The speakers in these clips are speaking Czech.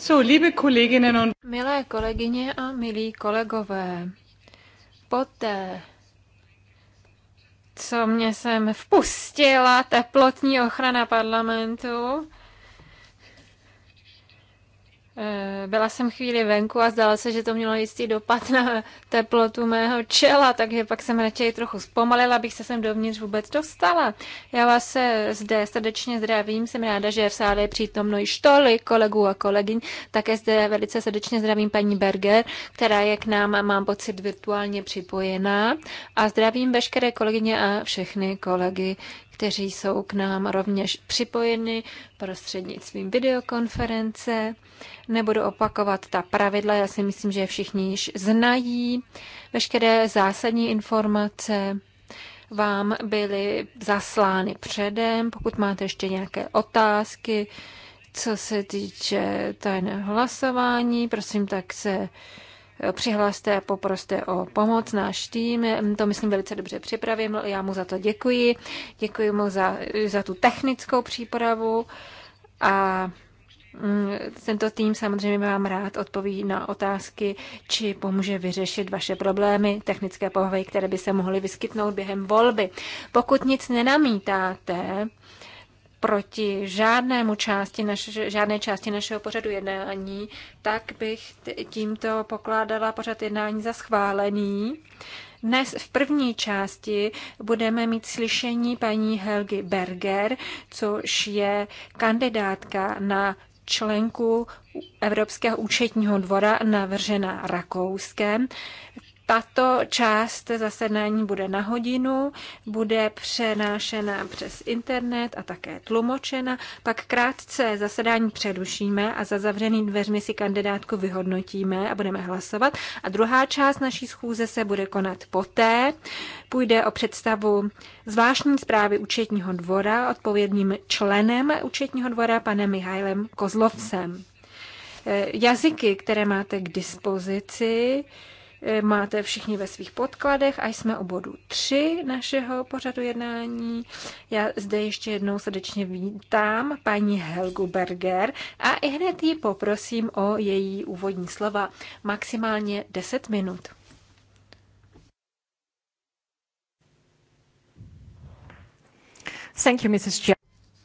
So, liebe Milé kolegyně a milí kolegové, poté, co mě jsem vpustila teplotní ochrana parlamentu, Eh, byla jsem chvíli venku a zdálo se, že to mělo jistý dopad na teplotu mého čela, takže pak jsem raději trochu zpomalila, abych se sem dovnitř vůbec dostala. Já vás zde srdečně zdravím, jsem ráda, že v sále je přítomno již tolik kolegů a kolegyň. Také zde velice srdečně zdravím paní Berger, která je k nám mám pocit virtuálně připojená. A zdravím veškeré kolegyně a všechny kolegy, kteří jsou k nám rovněž připojeni prostřednictvím videokonference. Nebudu opakovat ta pravidla, já si myslím, že je všichni již znají. Veškeré zásadní informace vám byly zaslány předem. Pokud máte ještě nějaké otázky, co se týče tajného hlasování, prosím, tak se Přihlaste, poproste o pomoc náš tým. To myslím velice dobře připravím. Já mu za to děkuji. Děkuji mu za, za tu technickou přípravu a mm, tento tým samozřejmě vám rád odpoví na otázky, či pomůže vyřešit vaše problémy, technické povahy, které by se mohly vyskytnout během volby. Pokud nic nenamítáte, proti žádnému části naš, žádné části našeho pořadu jednání, tak bych tímto pokládala pořad jednání za schválený. Dnes v první části budeme mít slyšení paní Helgy Berger, což je kandidátka na členku Evropského účetního dvora navržena Rakouskem. Tato část zasedání bude na hodinu, bude přenášena přes internet a také tlumočena. Pak krátce zasedání přerušíme a za zavřený dveřmi si kandidátku vyhodnotíme a budeme hlasovat. A druhá část naší schůze se bude konat poté. Půjde o představu zvláštní zprávy účetního dvora odpovědným členem účetního dvora panem Mihailem Kozlovcem. E, jazyky, které máte k dispozici, Eh, máte všichni ve svých podkladech a jsme u bodu 3 našeho pořadu jednání. Já zde ještě jednou srdečně vítám paní Helgu Berger a i hned ji poprosím o její úvodní slova. Maximálně 10 minut. Thank you, Mrs. G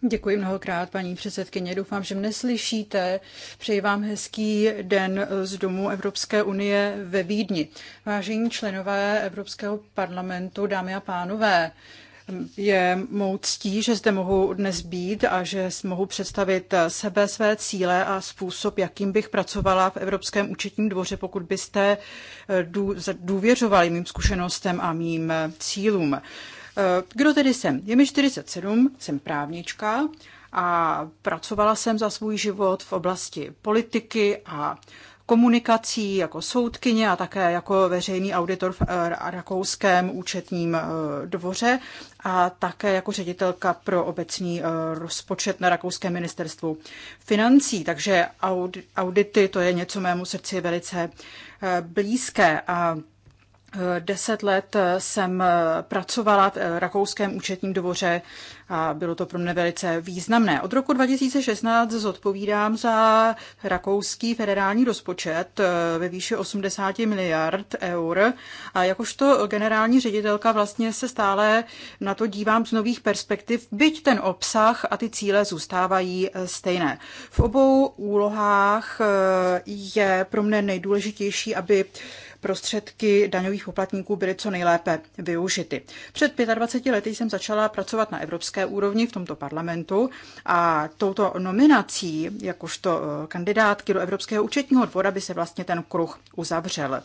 Děkuji mnohokrát, paní předsedkyně. Doufám, že mne slyšíte. Přeji vám hezký den z Domu Evropské unie ve Vídni. Vážení členové Evropského parlamentu, dámy a pánové, je mou ctí, že zde mohu dnes být a že mohu představit sebe, své cíle a způsob, jakým bych pracovala v Evropském účetním dvoře, pokud byste důvěřovali mým zkušenostem a mým cílům. Eh, kdo tedy jsem? Je mi 47, jsem právnička a pracovala jsem za svůj život v oblasti politiky a komunikací jako soudkyně a také jako veřejný auditor v eh, rakouském účetním eh, dvoře a také jako ředitelka pro obecní rozpočet na rakouském ministerstvu financí. Takže audity, to je něco mému srdci velice blízké a Deset let jsem pracovala v Rakouském účetním dvoře a bylo to pro mě velice významné. Od roku 2016 zodpovídám za rakouský federální rozpočet eh, ve výši 80 miliard eur a jakožto generální ředitelka vlastně se stále na to dívám z nových perspektiv, byť ten obsah a ty cíle zůstávají eh, stejné. V obou úlohách eh, je pro mě nejdůležitější, aby prostředky daňových poplatníků byly co nejlépe využity. Před 25 lety jsem začala pracovat na evropské úrovni v tomto parlamentu a touto nominací, jakožto eh, kandidátky do Evropského účetního dvora, by se vlastně ten kruh uzavřel.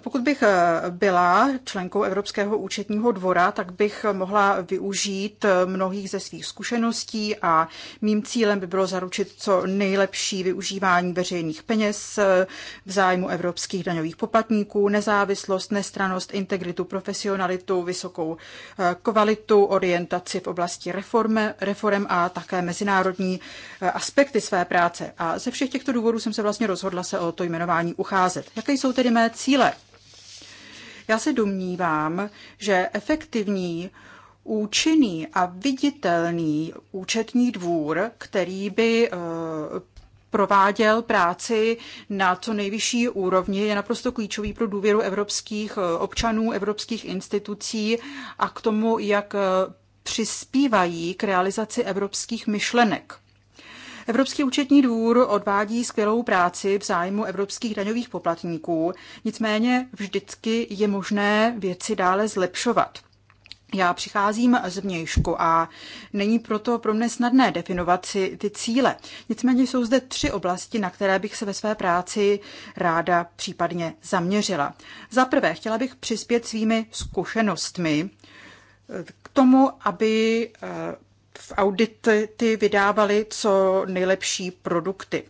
Pokud bych eh, byla členkou Evropského účetního dvora, tak bych mohla využít eh, mnohých ze svých zkušeností a mým cílem by bylo zaručit co nejlepší využívání veřejných peněz eh, v zájmu evropských daňových poplatníků, nezávislost, nestranost, integritu, profesionalitu, vysokou kvalitu, orientaci v oblasti reforme, reform a také mezinárodní aspekty své práce. A ze všech těchto důvodů jsem se vlastně rozhodla se o to jmenování ucházet. Jaké jsou tedy mé cíle? Já se domnívám, že efektivní účinný a viditelný účetní dvůr, který by eh, prováděl práci na co nejvyšší úrovni, je naprosto klíčový pro důvěru evropských eh, občanů, evropských institucí a k tomu, jak eh, přispívají k realizaci evropských myšlenek. Evropský účetní dvůr odvádí skvělou práci v zájmu evropských daňových poplatníků, nicméně vždycky je možné věci dále zlepšovat. Já přicházím z vnějšku a není proto pro mě snadné definovat si ty cíle. Nicméně jsou zde tři oblasti, na které bych se ve své práci ráda případně zaměřila. Za prvé, chtěla bych přispět svými zkušenostmi k tomu, aby eh, v audity vydávaly co nejlepší produkty.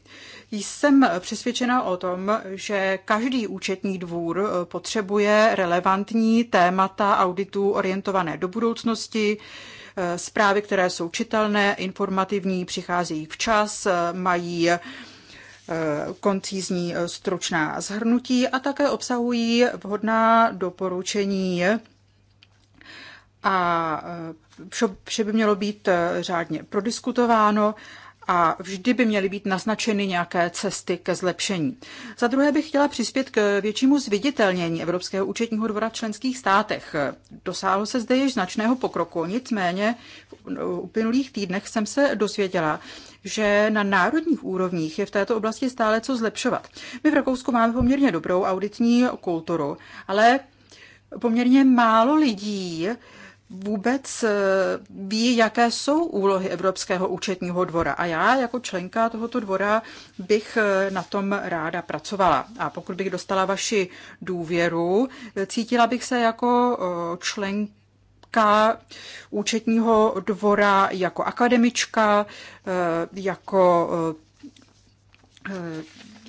Jsem přesvědčena o tom, že každý účetní dvůr eh, potřebuje relevantní témata auditů orientované do budoucnosti, eh, zprávy, které jsou čitelné, informativní, přicházejí včas, eh, mají koncízní stručná zhrnutí a také obsahují vhodná doporučení a eh, vše by mělo být eh, řádně prodiskutováno a vždy by měly být naznačeny nějaké cesty ke zlepšení. Za druhé bych chtěla přispět k eh, většímu zviditelnění Evropského účetního dvora v členských státech. Dosáhlo se zde již značného pokroku, nicméně v uplynulých týdnech jsem se dozvěděla, že na národních úrovních je v této oblasti stále co zlepšovat. My v Rakousku máme poměrně dobrou auditní kulturu, ale poměrně málo lidí vůbec eh, ví, jaké jsou úlohy Evropského účetního dvora. A já jako členka tohoto dvora bych eh, na tom ráda pracovala. A pokud bych dostala vaši důvěru, eh, cítila bych se jako členka účetního dvora, jako akademička, jako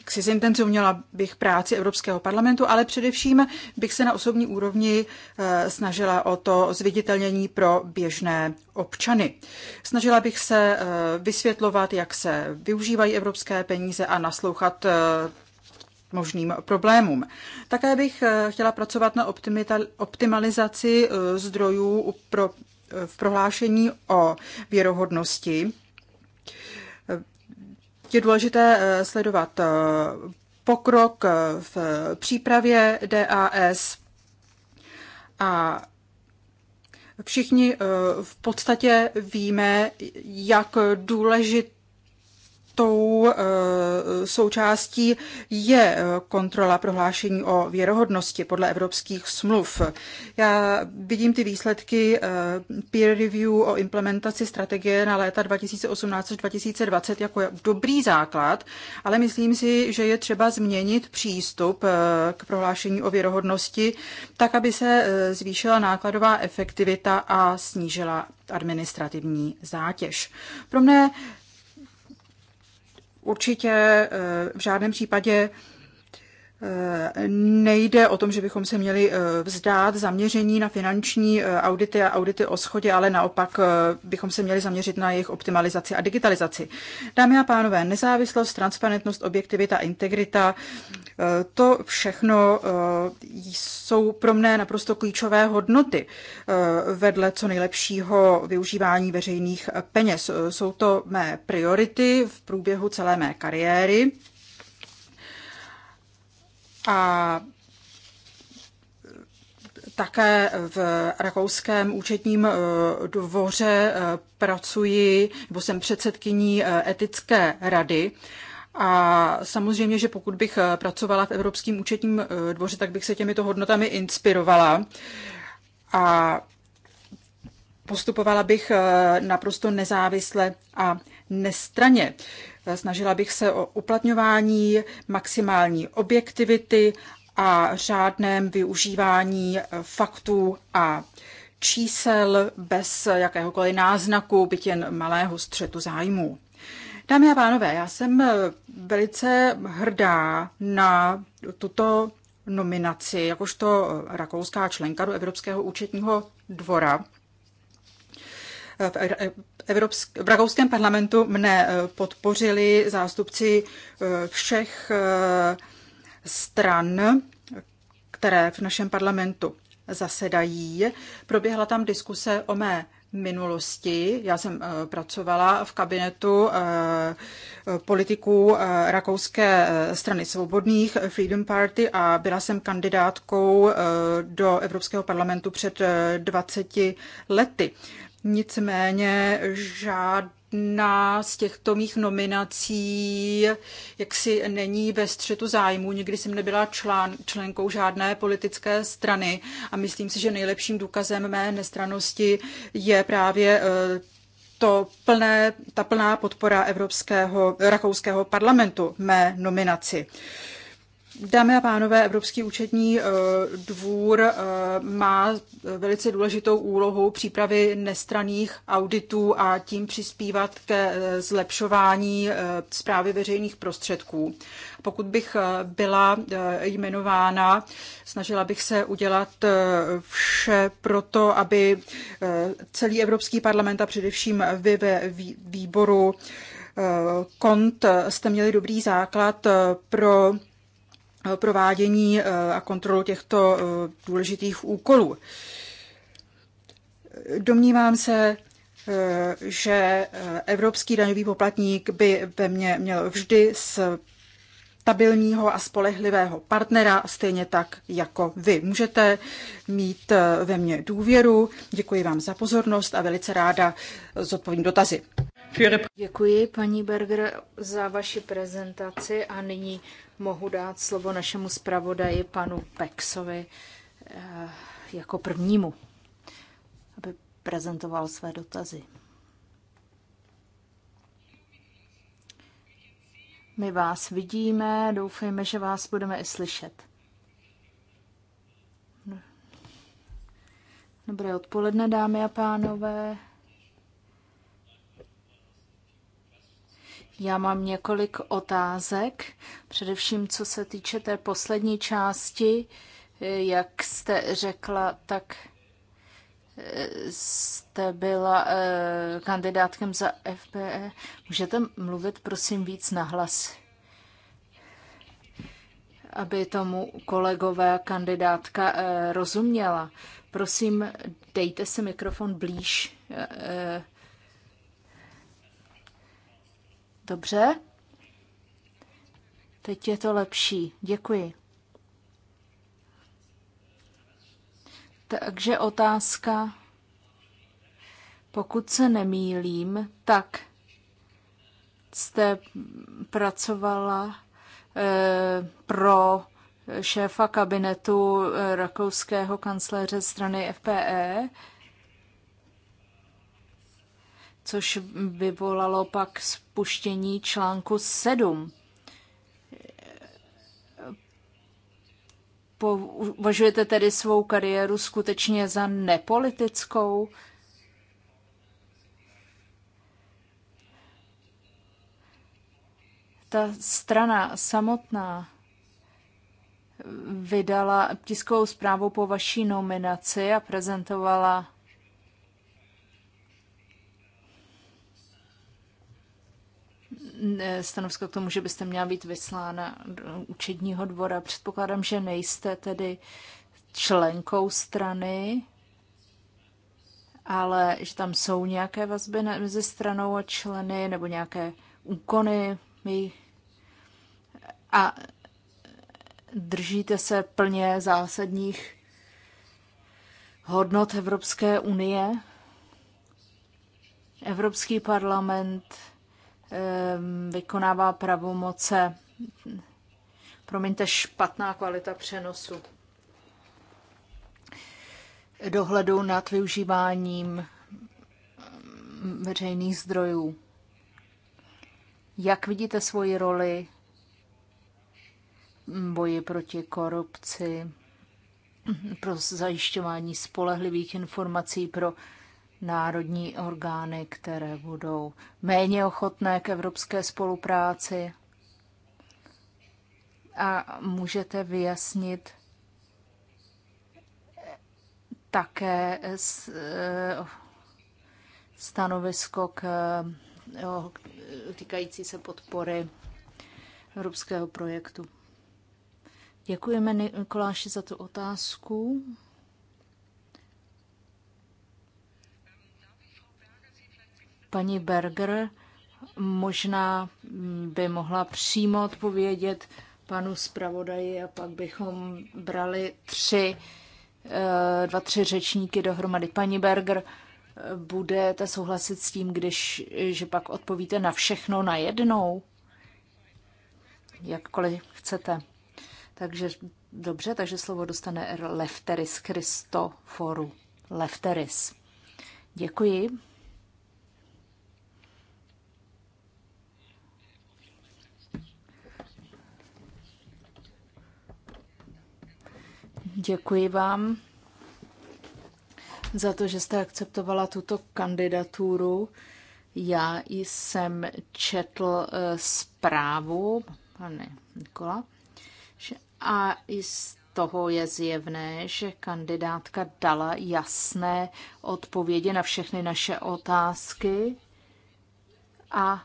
si zintenzivnila bych práci Evropského parlamentu, ale především bych se na osobní úrovni eh, snažila o to zviditelnění pro běžné občany. Snažila bych se eh, vysvětlovat, jak se využívají evropské peníze a naslouchat eh, možným problémům. Také bych chtěla pracovat na optimalizaci zdrojů pro, v prohlášení o věrohodnosti je důležité eh, sledovat eh, pokrok eh, v přípravě DAS a všichni v podstatě víme, jak důležité tou eh, součástí je eh, kontrola prohlášení o věrohodnosti podle evropských smluv. Já vidím ty výsledky eh, peer review o implementaci strategie na léta 2018 až 2020 jako dobrý základ, ale myslím si, že je třeba změnit přístup k prohlášení o věrohodnosti tak, aby se zvýšila nákladová efektivita a snížila administrativní zátěž. Pro mne určitě eh, v žádném případě Eh, nejde o tom, že bychom se měli eh, vzdát zaměření na finanční eh, audity a audity o schodě, ale naopak bychom se měli zaměřit na jejich optimalizaci a digitalizaci. Dámy a pánové, nezávislost, transparentnost, objektivita, integrita, to všechno jsou pro mne naprosto klíčové hodnoty vedle co nejlepšího využívání veřejných peněz. Jsou to mé priority v průběhu celé mé kariéry a také v rakouském účetním e, dvoře e, pracuji, nebo jsem předsedkyní e, etické rady. A samozřejmě, že pokud bych pracovala v Evropském účetním dvoře, tak bych se těmito hodnotami inspirovala. A postupovala bych naprosto nezávisle a nestraně. Snažila bych se o uplatňování maximální objektivity a řádném využívání eh, faktů a čísel bez jakéhokoliv náznaku, byť jen malého střetu zájmů. Dámy a pánové, já jsem eh, velice hrdá na tuto nominaci jakožto eh, rakouská členka do Evropského účetního dvora v, Evropsk- v Rakouském parlamentu mne e, podpořili zástupci e, všech e, stran, které v našem parlamentu zasedají. Proběhla tam diskuse o mé minulosti. Já jsem pracovala v kabinetu politiků Rakouské strany svobodných Freedom Party a byla jsem kandidátkou do Evropského parlamentu před 20 lety. Nicméně žádná z těchto mých nominací jaksi není ve střetu zájmu. Nikdy jsem nebyla člán, členkou žádné politické strany a myslím si, že nejlepším důkazem mé nestranosti je právě eh, to plné, ta plná podpora Evropského, Rakouského parlamentu mé nominaci. Dámy a pánové, Evropský účetní eh, dvůr eh, má velice důležitou úlohu přípravy nestraných auditů a tím přispívat ke eh, zlepšování zprávy veřejných prostředků. Pokud bych byla jmenována, snažila bych se udělat vše pro to, aby celý Evropský parlament a především vy ve výboru kont jste měli dobrý základ pro Eh, provádění eh, a kontrolu těchto eh, důležitých úkolů. Domnívám se, že evropský daňový poplatník by ve mně měl vždy s stabilního a spolehlivého partnera, stejně tak jako vy. Můžete mít ve mně důvěru. Děkuji vám za pozornost a velice ráda zodpovím dotazy. Děkuji, paní Berger, za vaši prezentaci a nyní mohu dát slovo našemu zpravodaji, panu Pexovi, eh, jako prvnímu, aby prezentoval své dotazy. My vás vidíme, doufejme, že vás budeme i slyšet. Dobré odpoledne, dámy a pánové. Já mám několik otázek, především co se týče té poslední části. Jak jste řekla, tak eh, jste byla eh, kandidátkem za FPE. Můžete mluvit, prosím, víc na hlas, aby tomu kolegové kandidátka eh, rozuměla. Prosím, dejte si mikrofon blíž Dobře. Teď je to lepší. Děkuji. Takže otázka, pokud se nemýlím, tak jste pracovala e, pro šéfa kabinetu eh, rakouského kancléře strany FPE což vyvolalo pak spuštění článku 7. Považujete tedy svou kariéru skutečně za nepolitickou? Ta strana samotná vydala tiskovou zprávu po vaší nominaci a prezentovala E, stanovisko k tomu, že byste měla být vyslána do učedního dvora. Předpokládám, že nejste tedy členkou strany, ale že tam jsou nějaké vazby mezi stranou a členy nebo nějaké úkony. A držíte se plně zásadních hodnot Evropské unie. Evropský parlament Ehm, vykonává pravomoce, promiňte, špatná kvalita přenosu dohledu nad využíváním veřejných zdrojů. Jak vidíte svoji roli boji proti korupci, pro zajišťování spolehlivých informací pro národní orgány, které budou méně ochotné k evropské spolupráci. A můžete vyjasnit také eh, stanovisko k eh, týkající se podpory evropského projektu. Děkujeme Nikoláši za tu otázku. Paní Berger možná by mohla přímo odpovědět panu zpravodaji a pak bychom brali tři, eh, dva, tři řečníky dohromady. Paní Berger, eh, budete souhlasit s tím, když, eh, že pak odpovíte na všechno najednou? Jakkoliv chcete. Takže dobře, takže slovo dostane Lefteris Christoforu. Lefteris. Děkuji. Děkuji vám za to, že jste akceptovala tuto kandidaturu. Já jsem četl eh, zprávu, pane Nikola, a i z toho je zjevné, že kandidátka dala jasné odpovědi na všechny naše otázky a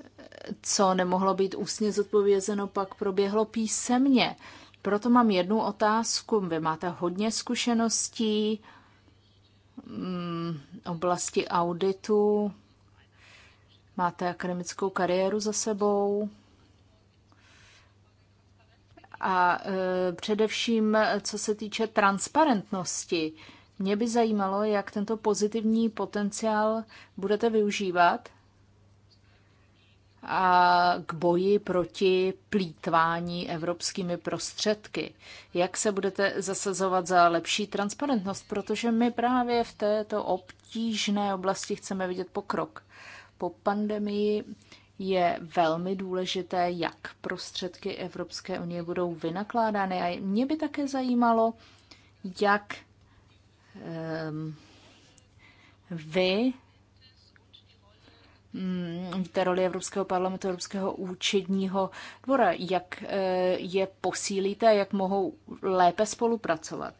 eh, co nemohlo být ústně zodpovězeno, pak proběhlo písemně. Proto mám jednu otázku. Vy máte hodně zkušeností mm, oblasti auditu, máte akademickou kariéru za sebou a e, především co se týče transparentnosti. Mě by zajímalo, jak tento pozitivní potenciál budete využívat a k boji proti plítvání evropskými prostředky. Jak se budete zasazovat za lepší transparentnost, protože my právě v této obtížné oblasti chceme vidět pokrok. Po pandemii je velmi důležité, jak prostředky Evropské unie budou vynakládány. A mě by také zajímalo, jak um, vy Mm, té roli Evropského parlamentu, Evropského účetního dvora, jak eh, je posílíte a jak mohou lépe spolupracovat.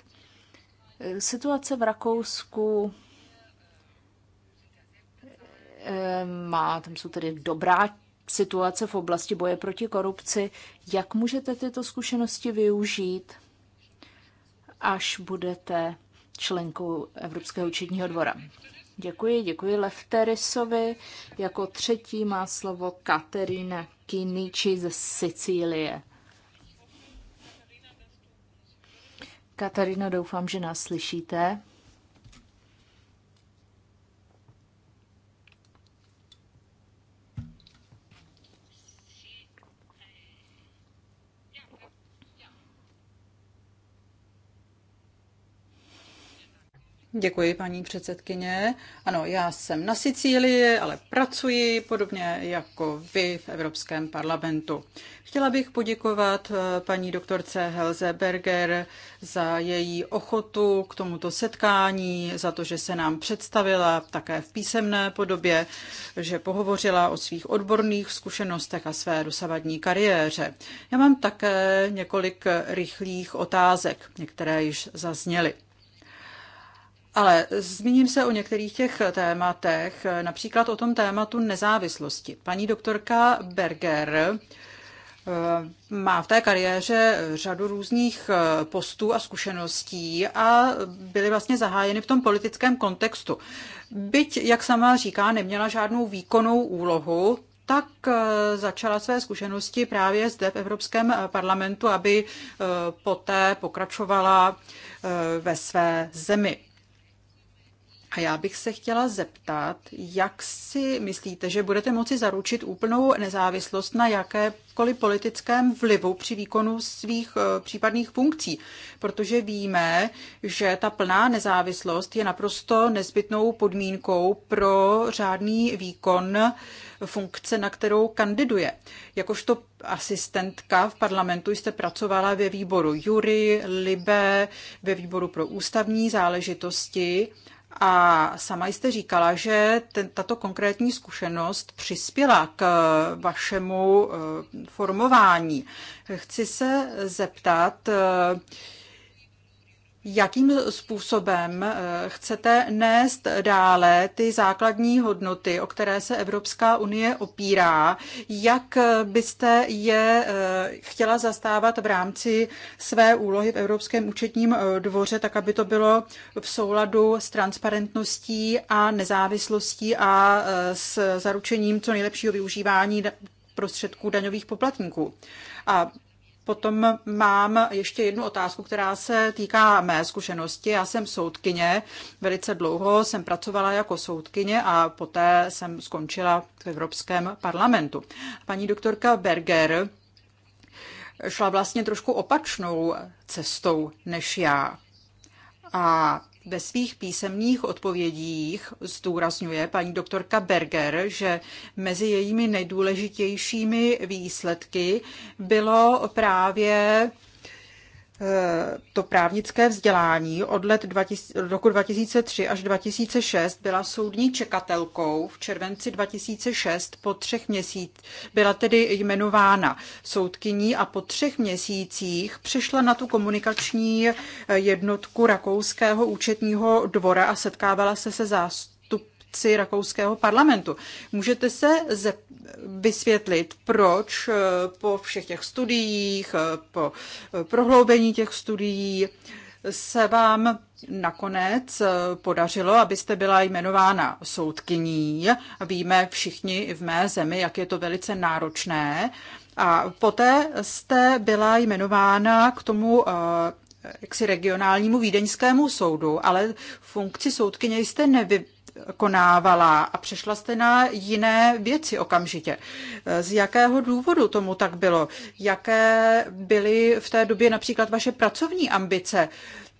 Eh, situace v Rakousku eh, má, tam jsou tedy dobrá situace v oblasti boje proti korupci. Jak můžete tyto zkušenosti využít, až budete členkou Evropského účetního dvora? Děkuji, děkuji Lefterisovi. Jako třetí má slovo Katerina Kinici z Sicílie. Katarina, doufám, že nás slyšíte. Děkuji, paní předsedkyně. Ano, já jsem na Sicílii, ale pracuji podobně jako vy v Evropském parlamentu. Chtěla bych poděkovat eh, paní doktorce Helze Berger za její ochotu k tomuto setkání, za to, že se nám představila také v písemné podobě, že pohovořila o svých odborných zkušenostech a své dosavadní kariéře. Já mám také několik rychlých otázek, některé již zazněly. Ale zmíním se o některých těch tématech, například o tom tématu nezávislosti. Paní doktorka Berger eh, má v té kariéře řadu různých eh, postů a zkušeností a byly vlastně zahájeny v tom politickém kontextu. Byť, jak sama říká, neměla žádnou výkonnou úlohu, tak eh, začala své zkušenosti právě zde v Evropském parlamentu, aby poté pokračovala ve své zemi. A já bych se chtěla zeptat, jak si myslíte, že budete moci zaručit úplnou nezávislost na jakékoliv politickém vlivu při výkonu svých eh, případných funkcí? Protože víme, že ta plná nezávislost je naprosto nezbytnou podmínkou pro řádný výkon funkce, na kterou kandiduje. Jakožto asistentka v parlamentu jste pracovala ve výboru Jury, Libe, ve výboru pro ústavní záležitosti a sama jste říkala, že ten, tato konkrétní zkušenost přispěla k eh, vašemu eh, formování. Chci se zeptat, eh, jakým způsobem eh, chcete nést dále ty základní hodnoty, o které se Evropská unie opírá, jak byste je eh, chtěla zastávat v rámci své úlohy v Evropském účetním eh, dvoře, tak aby to bylo v souladu s transparentností a nezávislostí a s zaručením co nejlepšího využívání prostředků daňových poplatníků. A Potom mám ještě jednu otázku, která se týká mé zkušenosti. Já jsem soudkyně, velice dlouho jsem pracovala jako soudkyně a poté jsem skončila v Evropském parlamentu. Paní doktorka Berger šla vlastně trošku opačnou cestou než já. A ve svých písemných odpovědích zdůrazňuje paní doktorka Berger, že mezi jejími nejdůležitějšími výsledky bylo právě to právnické vzdělání od let 20, roku 2003 až 2006 byla soudní čekatelkou. V červenci 2006 po třech měsících byla tedy jmenována soudkyní a po třech měsících přešla na tu komunikační jednotku Rakouského účetního dvora a setkávala se se zástupem práci rakouského parlamentu. Můžete se vysvětlit, proč eh, po všech těch studiích, eh, po eh, prohloubení těch studií se vám nakonec podařilo, abyste byla jmenována soudkyní. Víme všichni v mé zemi, jak je to velice náročné. A poté jste byla jmenována k tomu jaksi regionálnímu vídeňskému soudu, ale funkci soudkyně jste nevy, konávala a přešla jste na jiné věci okamžitě. Z jakého důvodu tomu tak bylo? Jaké byly v té době například vaše pracovní ambice?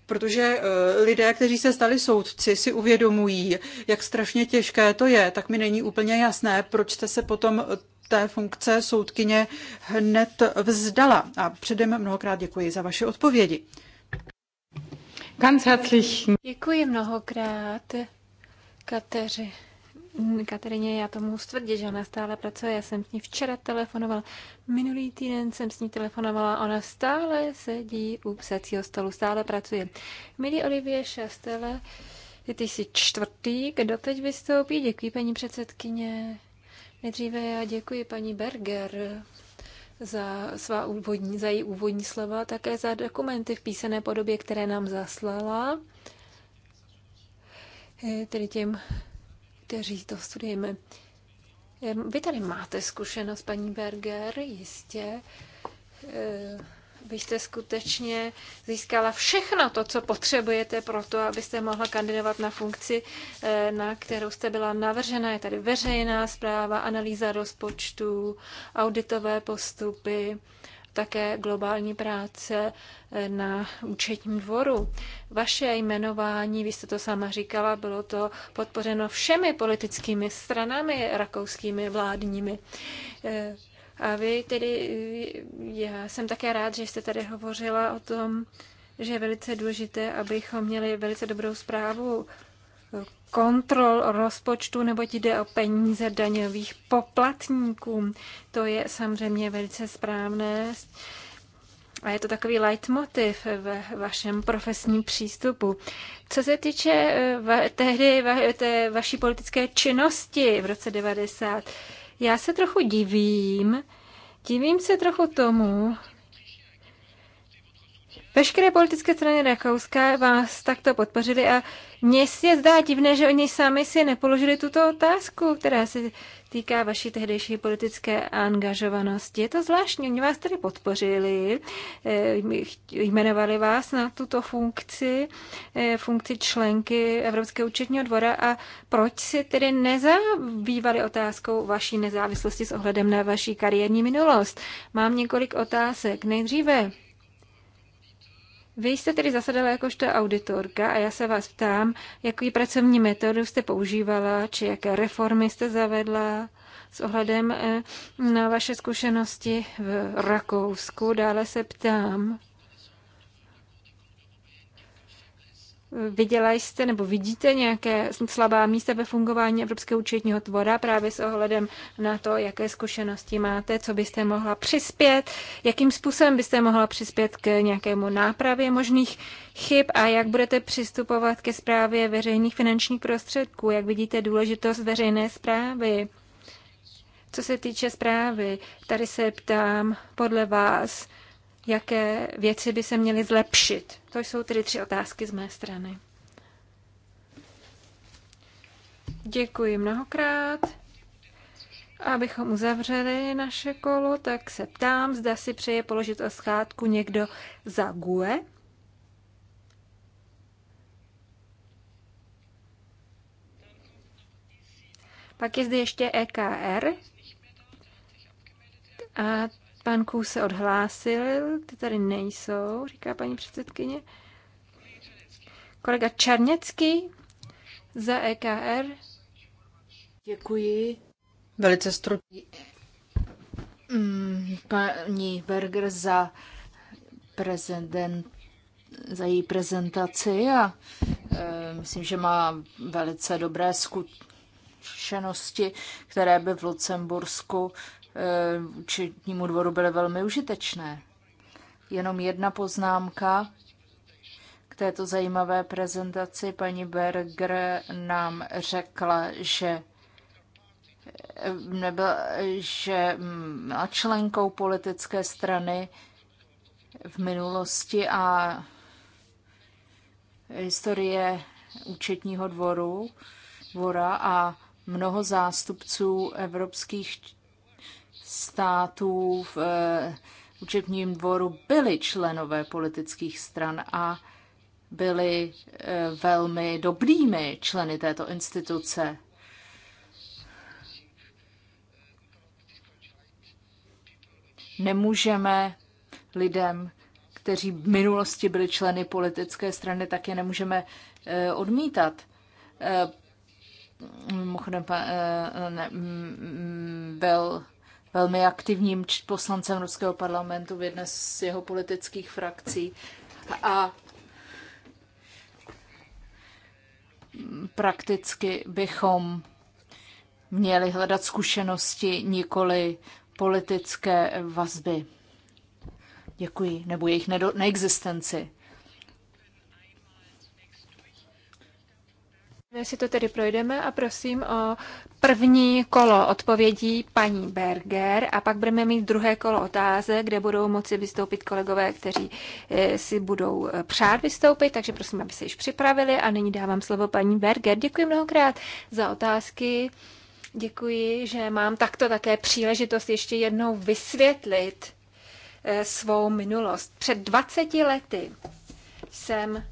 protože eh, lidé, kteří se stali soudci, si uvědomují, jak strašně těžké to je, tak mi není úplně jasné, proč jste se potom té funkce soudkyně hned vzdala. A předem mnohokrát děkuji za vaše odpovědi. Ganz herzlich. Děkuji mnohokrát. Kateři. Katerině, já tomu stvrdit, že ona stále pracuje. Já jsem s ní včera telefonovala, minulý týden jsem s ní telefonovala, ona stále sedí u psacího stolu, stále pracuje. Milí Olivie Šastele, ty jsi čtvrtý, kdo teď vystoupí? Děkuji, paní předsedkyně. Nejdříve já děkuji paní Berger za, svá úvodní, za její úvodní slova, také za dokumenty v písané podobě, které nám zaslala. Eh, tedy těm, kteří to studujeme. Vy tady máte zkušenost, paní Berger, jistě. Eh, vy jste skutečně získala všechno to, co potřebujete pro to, abyste mohla kandidovat na funkci, eh, na kterou jste byla navržena. Je tady veřejná zpráva, analýza rozpočtů, auditové postupy, také globální práce eh, na účetním dvoru. Vaše jmenování, vy jste to sama říkala, bylo to podpořeno všemi politickými stranami rakouskými vládními. Eh, a vy tedy, eh, já jsem také rád, že jste tady hovořila o tom, že je velice důležité, abychom měli velice dobrou zprávu kontrol rozpočtu, neboť jde o peníze daňových poplatníků. To je samozřejmě velice správné. A je to takový leitmotiv ve vašem profesním přístupu. Co se týče eh, va- tehdy va- té vaší politické činnosti v roce 90, já se trochu divím. Divím se trochu tomu, Veškeré politické strany Rakouska vás takto podpořili a mně se zdá divné, že oni sami si nepoložili tuto otázku, která se týká vaší tehdejší politické angažovanosti. Je to zvláštní, oni vás tedy podpořili, eh, jmenovali vás na tuto funkci, eh, funkci členky Evropského účetního dvora a proč si tedy nezabývali otázkou vaší nezávislosti s ohledem na vaší kariérní minulost? Mám několik otázek. Nejdříve, vy jste tedy zasadala jakožto auditorka a já se vás ptám, jaký pracovní metodu jste používala, či jaké reformy jste zavedla s ohledem eh, na vaše zkušenosti v Rakousku. Dále se ptám, Viděla jste nebo vidíte nějaké slabá místa ve fungování Evropského účetního tvora právě s ohledem na to, jaké zkušenosti máte, co byste mohla přispět, jakým způsobem byste mohla přispět k nějakému nápravě možných chyb a jak budete přistupovat ke zprávě veřejných finančních prostředků, jak vidíte důležitost veřejné zprávy. Co se týče zprávy, tady se ptám podle vás, jaké věci by se měly zlepšit. To jsou tedy tři otázky z mé strany. Děkuji mnohokrát. Abychom uzavřeli naše kolo, tak se ptám, zda si přeje položit oschátku někdo za GUE. Pak je zde ještě EKR. A Pan Ků se odhlásil, ty tady nejsou, říká paní předsedkyně. Kolega Čarněcký za EKR. Děkuji. Velice stručně. Mm, paní Berger za prezident za její prezentaci a e, myslím, že má velice dobré zkušenosti, které by v Lucembursku Eh, účetnímu dvoru byly velmi užitečné. Jenom jedna poznámka k této zajímavé prezentaci. Paní Berger nám řekla, že eh, nebyl, že mm, členkou politické strany v minulosti a historie účetního dvoru, dvora a mnoho zástupců evropských států v eh, účetním dvoru byli členové politických stran a byli eh, velmi dobrými členy této instituce. Nemůžeme lidem, kteří v minulosti byli členy politické strany, tak je nemůžeme eh, odmítat. Mimochodem, byl velmi aktivním poslancem Ruského parlamentu v jedné z jeho politických frakcí. A prakticky bychom měli hledat zkušenosti, nikoli politické vazby. Děkuji, nebo jejich nedo- neexistenci. Dnes si to tedy projdeme a prosím o první kolo odpovědí paní Berger a pak budeme mít druhé kolo otázek, kde budou moci vystoupit kolegové, kteří eh, si budou eh, přát vystoupit, takže prosím, aby se již připravili a nyní dávám slovo paní Berger. Děkuji mnohokrát za otázky. Děkuji, že mám takto také příležitost ještě jednou vysvětlit eh, svou minulost. Před 20 lety jsem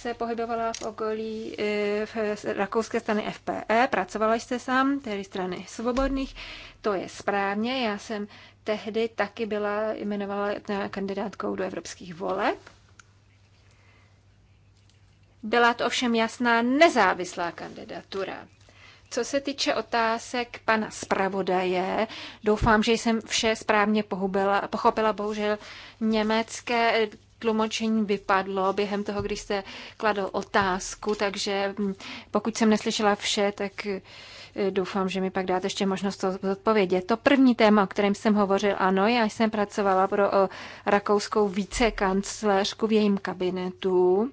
se pohybovala v okolí e, v rakouské strany FPE, pracovala jste sám, tedy strany svobodných, to je správně, já jsem tehdy taky byla jmenovala e, kandidátkou do evropských voleb. Byla to ovšem jasná nezávislá kandidatura. Co se týče otázek pana zpravodaje, doufám, že jsem vše správně pohubila, pochopila. Bohužel německé tlumočení vypadlo během toho, když jste kladl otázku, takže mm, pokud jsem neslyšela vše, tak eh, doufám, že mi pak dáte ještě možnost to odpovědět. To první téma, o kterém jsem hovořil, ano, já jsem pracovala pro eh, rakouskou vícekancléřku v jejím kabinetu.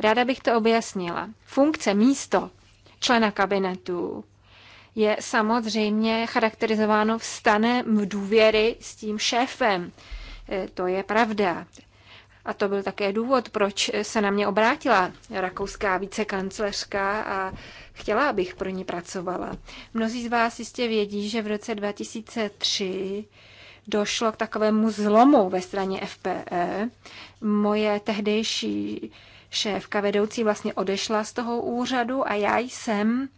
Ráda bych to objasnila. Funkce, místo člena kabinetu je samozřejmě charakterizováno vstanem v důvěry s tím šéfem. Eh, to je pravda. A to byl také důvod, proč se na mě obrátila rakouská vicekancléřka a chtěla, abych pro ní pracovala. Mnozí z vás jistě vědí, že v roce 2003 došlo k takovému zlomu ve straně FPE. Moje tehdejší šéfka vedoucí vlastně odešla z toho úřadu a já jsem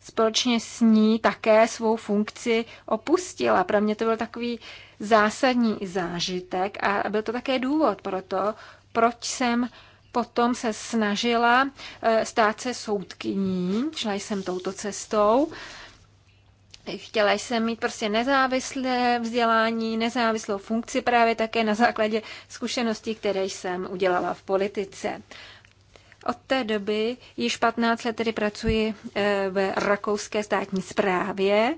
společně s ní také svou funkci opustila. Pro mě to byl takový zásadní zážitek a byl to také důvod pro to, proč jsem potom se snažila eh, stát se soudkyní, šla jsem touto cestou. Chtěla jsem mít prostě nezávislé vzdělání, nezávislou funkci právě také na základě zkušeností, které jsem udělala v politice. Od té doby již 15 let tedy pracuji eh, v rakouské státní správě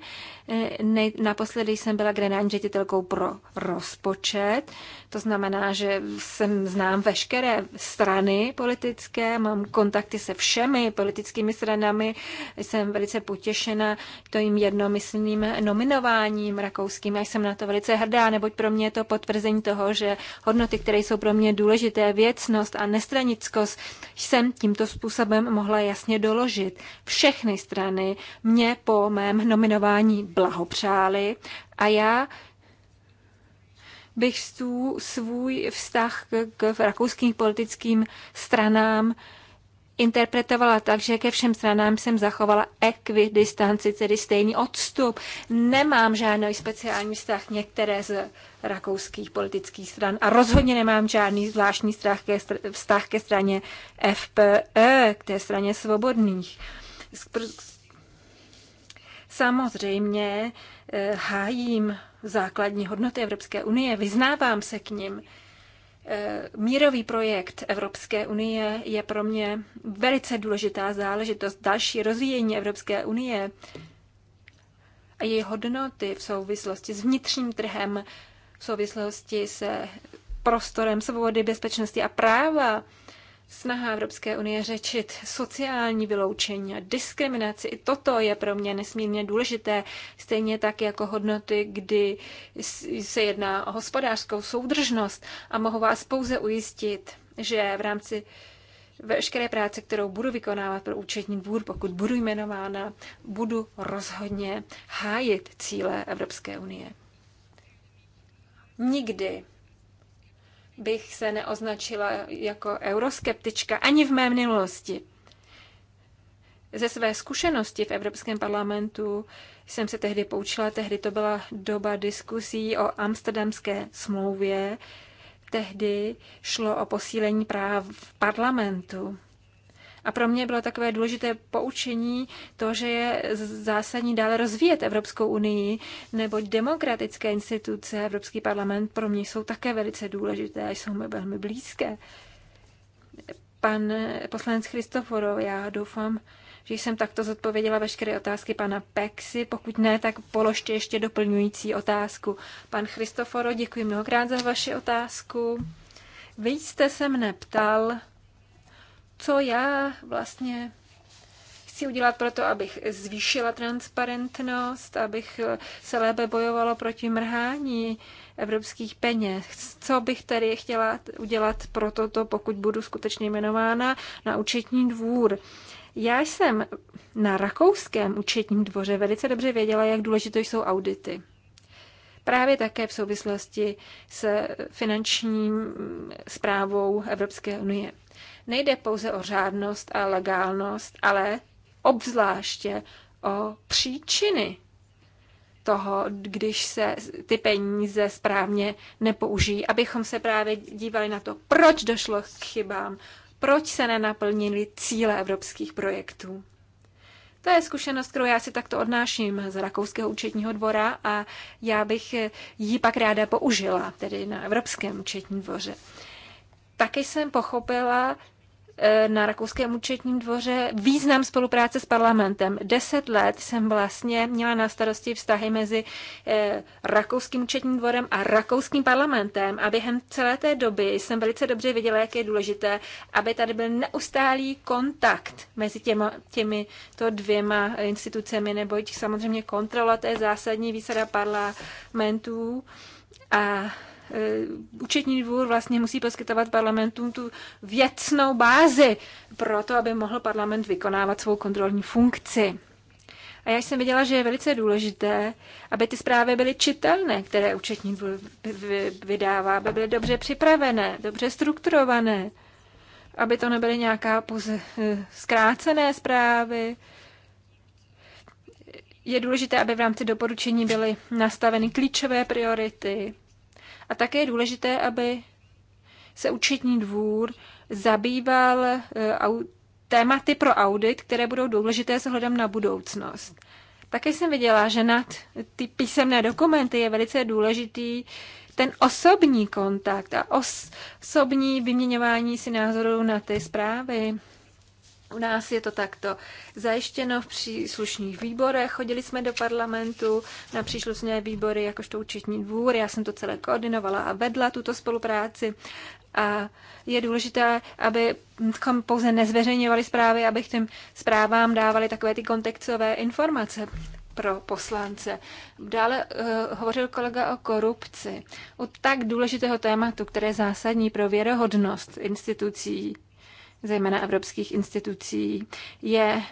E, ne, naposledy jsem byla generální ředitelkou pro rozpočet, to znamená, že jsem znám veškeré strany politické, mám kontakty se všemi politickými stranami, jsem velice potěšena tím jednomyslným nominováním rakouským. Já jsem na to velice hrdá, neboť pro mě je to potvrzení toho, že hodnoty, které jsou pro mě důležité, věcnost a nestranickost, jsem tímto způsobem mohla jasně doložit. Všechny strany mě po mém nominování blahopřáli a já bych svůj vztah k rakouským politickým stranám interpretovala tak, že ke všem stranám jsem zachovala ekvidistanci, tedy stejný odstup. Nemám žádný speciální vztah některé z rakouských politických stran a rozhodně nemám žádný zvláštní vztah ke, vztah ke straně FPE, k té straně svobodných. Samozřejmě eh, hájím základní hodnoty Evropské unie, vyznávám se k nim. Eh, mírový projekt Evropské unie je pro mě velice důležitá záležitost. Další rozvíjení Evropské unie a její hodnoty v souvislosti s vnitřním trhem, v souvislosti se prostorem svobody, bezpečnosti a práva Snaha Evropské unie řečit sociální vyloučení a diskriminaci, i toto je pro mě nesmírně důležité, stejně tak jako hodnoty, kdy se jedná o hospodářskou soudržnost a mohu vás pouze ujistit, že v rámci veškeré práce, kterou budu vykonávat pro účetní dvůr, pokud budu jmenována, budu rozhodně hájit cíle Evropské unie. Nikdy bych se neoznačila jako euroskeptička ani v mé minulosti. Ze své zkušenosti v Evropském parlamentu jsem se tehdy poučila, tehdy to byla doba diskusí o amsterdamské smlouvě, tehdy šlo o posílení práv v parlamentu. A pro mě bylo takové důležité poučení to, že je zásadní dále rozvíjet Evropskou unii, neboť demokratické instituce, Evropský parlament pro mě jsou také velice důležité a jsou mi velmi blízké. Pan poslanec Christoforo, já doufám, že jsem takto zodpověděla veškeré otázky pana Pexy. Pokud ne, tak položte ještě doplňující otázku. Pan Christoforo, děkuji mnohokrát za vaši otázku. Vy jste se mne ptal, co já vlastně chci udělat pro to, abych zvýšila transparentnost, abych se lépe bojovalo proti mrhání evropských peněz. Co bych tedy chtěla udělat pro toto, pokud budu skutečně jmenována na účetní dvůr? Já jsem na rakouském účetním dvoře velice dobře věděla, jak důležité jsou audity. Právě také v souvislosti se finanční zprávou Evropské unie. Nejde pouze o řádnost a legálnost, ale obzvláště o příčiny toho, když se ty peníze správně nepoužijí, abychom se právě dívali na to, proč došlo k chybám, proč se nenaplnily cíle evropských projektů. To je zkušenost, kterou já si takto odnáším z Rakouského účetního dvora a já bych ji pak ráda použila, tedy na Evropském účetním dvoře. Taky jsem pochopila eh, na Rakouském účetním dvoře význam spolupráce s parlamentem. Deset let jsem vlastně měla na starosti vztahy mezi eh, Rakouským účetním dvorem a Rakouským parlamentem a během celé té doby jsem velice dobře viděla, jak je důležité, aby tady byl neustálý kontakt mezi těma, těmi to dvěma institucemi, neboť samozřejmě kontrola, to je zásadní výsada parlamentů a Eh, účetní dvůr vlastně musí poskytovat parlamentům tu věcnou bázi pro to, aby mohl parlament vykonávat svou kontrolní funkci. A já jsem viděla, že je velice důležité, aby ty zprávy byly čitelné, které účetní dvůr vydává, aby byly dobře připravené, dobře strukturované, aby to nebyly nějaká pouze eh, zkrácené zprávy. Je důležité, aby v rámci doporučení byly nastaveny klíčové priority, a také je důležité, aby se účetní dvůr zabýval e, tématy pro audit, které budou důležité s ohledem na budoucnost. Také jsem viděla, že nad ty písemné dokumenty je velice důležitý ten osobní kontakt a osobní vyměňování si názorů na ty zprávy. U nás je to takto zajištěno v příslušných výborech. Chodili jsme do parlamentu na příslušné výbory, jakožto účetní dvůr. Já jsem to celé koordinovala a vedla tuto spolupráci. A je důležité, abychom pouze nezveřejňovali zprávy, abych těm zprávám dávali takové ty kontextové informace pro poslance. Dále uh, hovořil kolega o korupci, o tak důležitého tématu, které je zásadní pro věrohodnost institucí zejména evropských institucí, je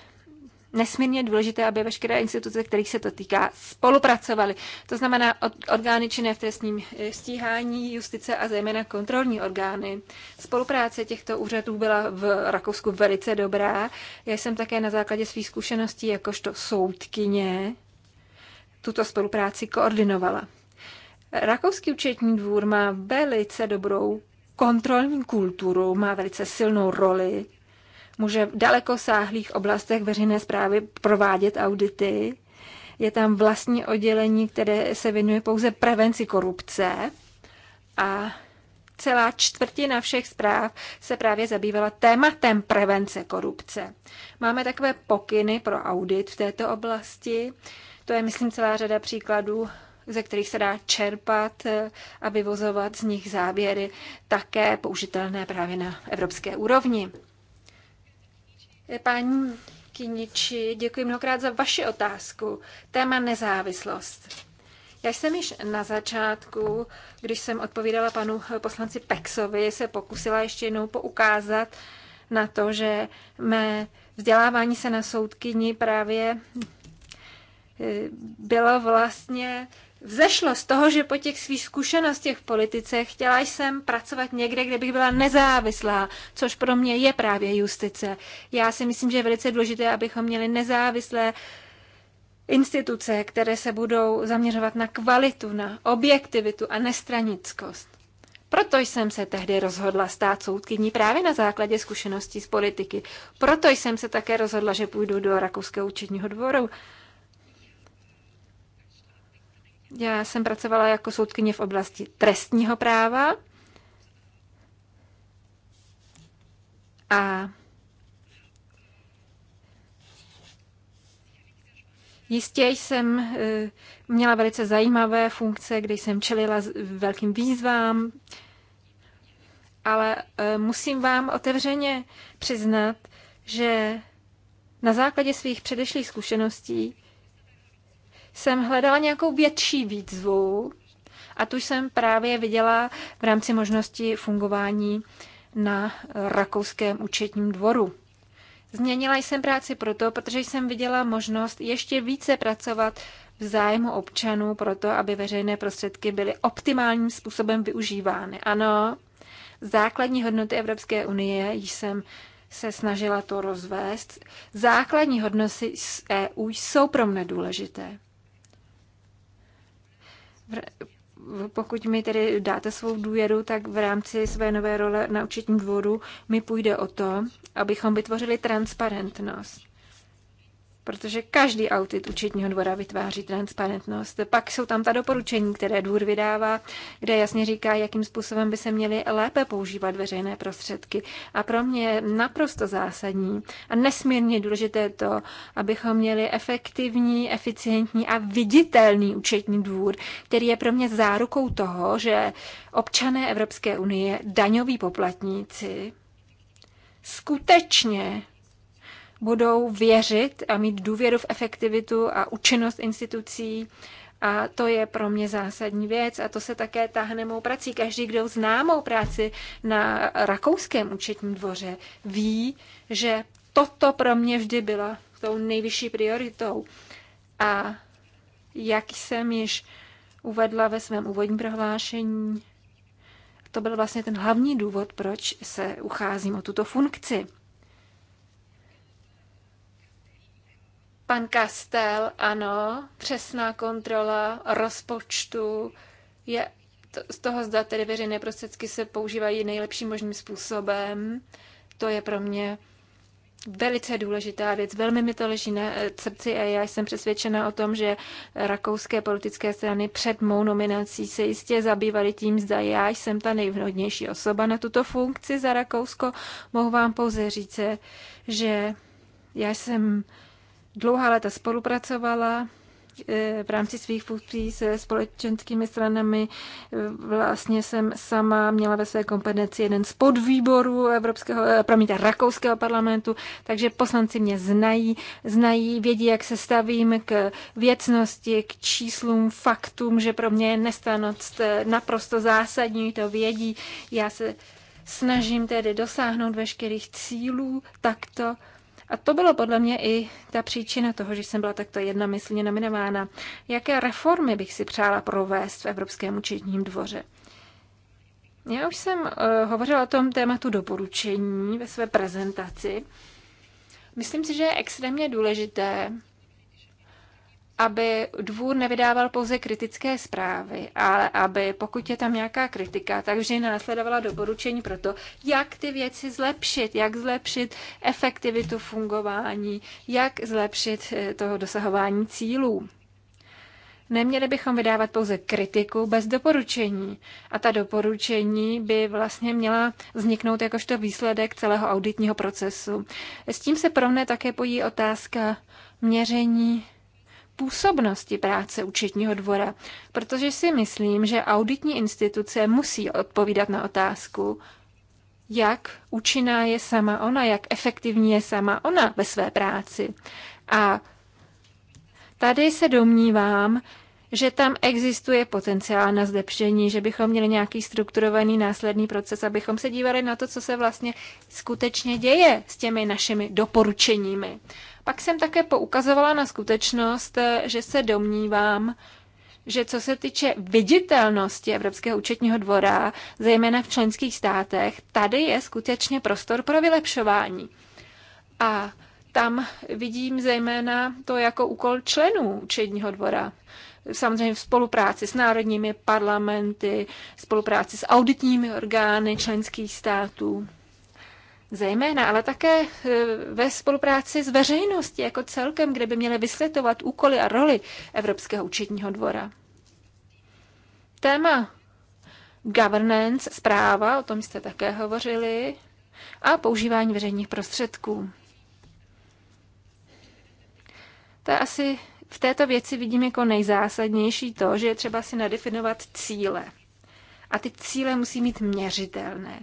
nesmírně důležité, aby veškeré instituce, kterých se to týká, spolupracovaly. To znamená orgány činné v trestním eh, stíhání, justice a zejména kontrolní orgány. Spolupráce těchto úřadů byla v Rakousku velice dobrá. Já jsem také na základě svých zkušeností jakožto soudkyně tuto spolupráci koordinovala. Rakouský účetní dvůr má velice dobrou kontrolní kulturu má velice silnou roli, může v daleko sáhlých oblastech veřejné zprávy provádět audity. Je tam vlastní oddělení, které se věnuje pouze prevenci korupce a celá čtvrtina všech zpráv se právě zabývala tématem prevence korupce. Máme takové pokyny pro audit v této oblasti. To je, myslím, celá řada příkladů ze kterých se dá čerpat eh, a vyvozovat z nich závěry také použitelné právě na evropské úrovni. Eh, paní Kiniči, děkuji mnohokrát za vaši otázku. Téma nezávislost. Já jsem již na začátku, když jsem odpovídala panu poslanci Pexovi, se pokusila ještě jednou poukázat na to, že mé vzdělávání se na soudkyni právě eh, bylo vlastně vzešlo z toho, že po těch svých zkušenostech v politice chtěla jsem pracovat někde, kde bych byla nezávislá, což pro mě je právě justice. Já si myslím, že je velice důležité, abychom měli nezávislé instituce, které se budou zaměřovat na kvalitu, na objektivitu a nestranickost. Proto jsem se tehdy rozhodla stát soudkyní právě na základě zkušeností z politiky. Proto jsem se také rozhodla, že půjdu do Rakouského účetního dvoru já jsem pracovala jako soudkyně v oblasti trestního práva a Jistě jsem eh, měla velice zajímavé funkce, kde jsem čelila velkým výzvám, ale eh, musím vám otevřeně přiznat, že na základě svých předešlých zkušeností jsem hledala nějakou větší výzvu a tu jsem právě viděla v rámci možnosti fungování na rakouském účetním dvoru. Změnila jsem práci proto, protože jsem viděla možnost ještě více pracovat v zájmu občanů proto, aby veřejné prostředky byly optimálním způsobem využívány. Ano, základní hodnoty Evropské unie jsem se snažila to rozvést. Základní hodnoty EU jsou pro mne důležité pokud mi tedy dáte svou důvěru, tak v rámci své nové role na účetním dvoru mi půjde o to, abychom vytvořili transparentnost protože každý audit účetního dvora vytváří transparentnost. Pak jsou tam ta doporučení, které dvůr vydává, kde jasně říká, jakým způsobem by se měly lépe používat veřejné prostředky. A pro mě je naprosto zásadní a nesmírně důležité to, abychom měli efektivní, eficientní a viditelný účetní dvůr, který je pro mě zárukou toho, že občané Evropské unie, daňoví poplatníci, skutečně budou věřit a mít důvěru v efektivitu a účinnost institucí. A to je pro mě zásadní věc a to se také táhne mou prací. Každý, kdo zná mou práci na rakouském účetním dvoře, ví, že toto pro mě vždy bylo tou nejvyšší prioritou. A jak jsem již uvedla ve svém úvodním prohlášení, to byl vlastně ten hlavní důvod, proč se ucházím o tuto funkci. Pan Kastel, ano, přesná kontrola rozpočtu je to, z toho, zda tedy veřejné prostředky se používají nejlepším možným způsobem. To je pro mě velice důležitá věc. Velmi mi to leží na eh, srdci a já jsem přesvědčena o tom, že rakouské politické strany před mou nominací se jistě zabývaly tím, zda já jsem ta nejvhodnější osoba na tuto funkci za Rakousko. Mohu vám pouze říct, že já jsem dlouhá léta spolupracovala e, v rámci svých funkcí se společenskými stranami. E, vlastně jsem sama měla ve své kompetenci jeden z podvýborů Evropského, e, promiňte, Rakouského parlamentu, takže poslanci mě znají, znají, vědí, jak se stavím k věcnosti, k číslům, faktům, že pro mě je nestanost naprosto zásadní, to vědí. Já se snažím tedy dosáhnout veškerých cílů takto a to bylo podle mě i ta příčina toho, že jsem byla takto jednomyslně nominována. Jaké reformy bych si přála provést v Evropském účetním dvoře? Já už jsem uh, hovořila o tom tématu doporučení ve své prezentaci. Myslím si, že je extrémně důležité, aby dvůr nevydával pouze kritické zprávy, ale aby, pokud je tam nějaká kritika, takže následovala doporučení pro to, jak ty věci zlepšit, jak zlepšit efektivitu fungování, jak zlepšit eh, toho dosahování cílů. Neměli bychom vydávat pouze kritiku bez doporučení. A ta doporučení by vlastně měla vzniknout jakožto výsledek celého auditního procesu. S tím se pro mne také pojí otázka měření působnosti práce účetního dvora, protože si myslím, že auditní instituce musí odpovídat na otázku, jak účinná je sama ona, jak efektivní je sama ona ve své práci. A tady se domnívám, že tam existuje potenciál na zlepšení, že bychom měli nějaký strukturovaný následný proces, abychom se dívali na to, co se vlastně skutečně děje s těmi našimi doporučeními. Pak jsem také poukazovala na skutečnost, že se domnívám, že co se týče viditelnosti Evropského účetního dvora, zejména v členských státech, tady je skutečně prostor pro vylepšování. A tam vidím zejména to jako úkol členů účetního dvora samozřejmě v spolupráci s národními parlamenty, spolupráci s auditními orgány členských států. Zejména, ale také eh, ve spolupráci s veřejností jako celkem, kde by měly vysvětovat úkoly a roli Evropského účetního dvora. Téma governance, zpráva, o tom jste také hovořili, a používání veřejných prostředků. To je asi v této věci vidím jako nejzásadnější to, že je třeba si nadefinovat cíle. A ty cíle musí mít měřitelné.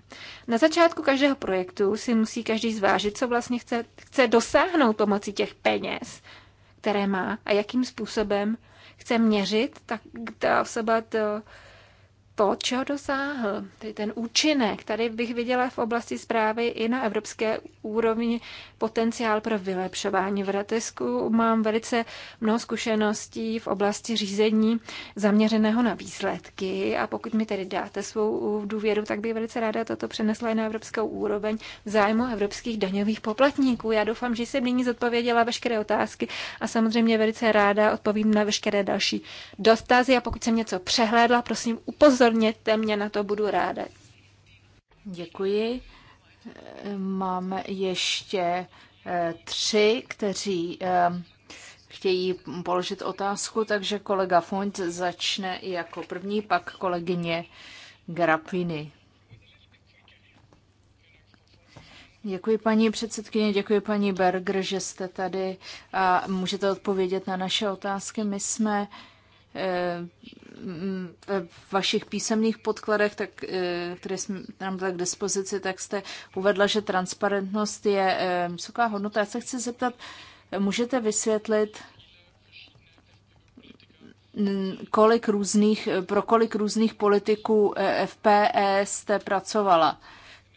Na začátku každého projektu si musí každý zvážit, co vlastně chce, chce dosáhnout pomocí těch peněz, které má a jakým způsobem chce měřit tak ta osoba to, to, čeho dosáhl, tedy ten účinek. Tady bych viděla v oblasti zprávy i na evropské úrovni potenciál pro vylepšování v Ratesku. Mám velice mnoho zkušeností v oblasti řízení zaměřeného na výsledky a pokud mi tedy dáte svou důvěru, tak bych velice ráda toto přenesla i na evropskou úroveň v zájmu evropských daňových poplatníků. Já doufám, že jsem nyní zodpověděla veškeré otázky a samozřejmě velice ráda odpovím na veškeré další dotazy a pokud jsem něco přehlédla, prosím upozorněte mě na to, budu ráda. Děkuji. Máme ještě eh, tři, kteří eh, chtějí položit otázku, takže kolega Font začne jako první, pak kolegyně Grapiny. Děkuji paní předsedkyně, děkuji paní Berger, že jste tady a můžete odpovědět na naše otázky. My jsme uh, Eh, mm, v vašich písemných podkladech, tak, eh, které jsme nám dali k dispozici, tak jste uvedla, že transparentnost je eh, vysoká hodnota. Já se chci zeptat, můžete vysvětlit, mm, kolik různých, pro kolik různých politiků FPE jste pracovala?